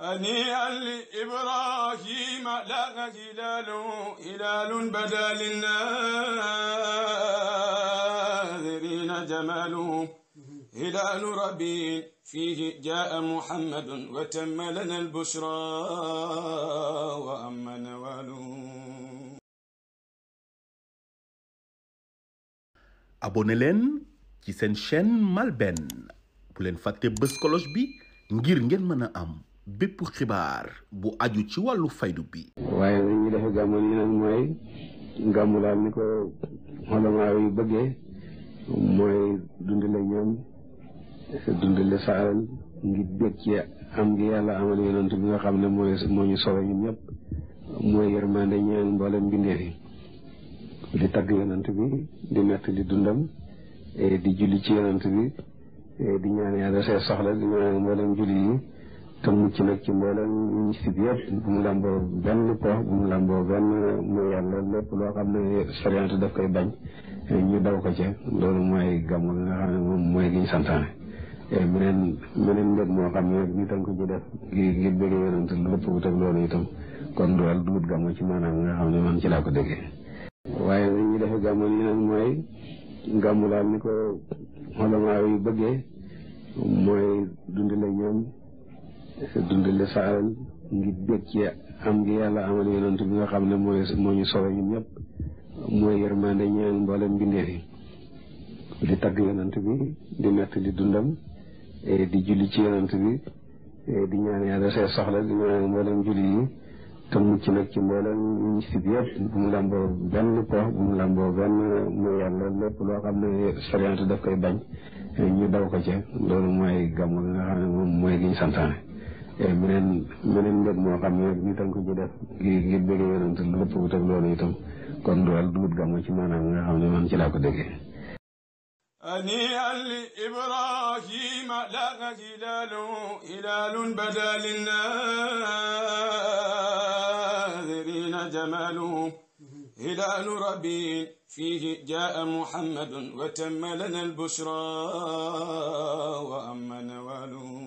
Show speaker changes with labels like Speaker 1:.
Speaker 1: هنيئا لإبراهيم لك هلال هلال بدا للناذرين جماله هلال ربي فيه جاء محمد وتم لنا البشرى وأما نواله abonné leen
Speaker 2: ci seen chaîne MALBN bu leen fàtte bës cloche bi ngir ngeen mën a am bépp xibaar bu aju ci wàllu faydu bi. waaye li ñuy defee gàmmu nii nag daal ni ko xolamaa yi bëggee mooy dundale ñoom dundale sa alal ngir bég ci am ngi yàlla amal yonent bi nga xam ne mooy moo ñu solo ñun ñëpp mooy yërmande ñaan mboolem mbindeef yi di tagg yonent bi di nett di dundam eh, di julli ci yonent bi eh, di ñaan yàlla see soxla di ñaan mboolem julli yi. te mucc nag ci mboolem ñu fi bu mu lamboo benn pox bu mu lamboo benn mu yàlla lépp loo xam ne sariante daf koy bañ ñu daw ko ca loolu mooy gàmmu gi nga xam ne moom mooy moo xam ne ñu tënk ci def gi ngir bëgg yonante lépp bu teg loolu itam kon dool dugut gàmmu ci maanaam nga xam ne man ci laa ko ni ko xolamaa yu bëggee mooy dundi la dundale sa alal ngir bég ci am ngi yàlla amal yonent bi nga xam ne mooy moo ñu solo ñun ñëpp mooy yërmande ñeel mboolem mbindeef yi di tagg yonent bi di mett di dundam e di julli ci yonent bi e di ñaan yàlla say soxla di ñaan mboolem julli yi te mucc nag ci mboolem ñu si bu mu làmboo benn pox bu mu yàlla lépp loo xam ne soriante daf koy bañ ñu daw ko ca loolu mooy gàmmu nga xam ne moom mooy liñ santaane meneen meneen mbir moo xam ne ñu tënk ci def ngir ngir bëgg yonent lu ëpp wutal loolu itam kon loolu dugut gàmmu ci maanaam nga xam ne man ci laa ko déggee
Speaker 1: هنيئا لإبراهيم لك هلال هلال بدا للناذرين جماله هلال ربي فيه جاء محمد وتم لنا البشرى وأما نواله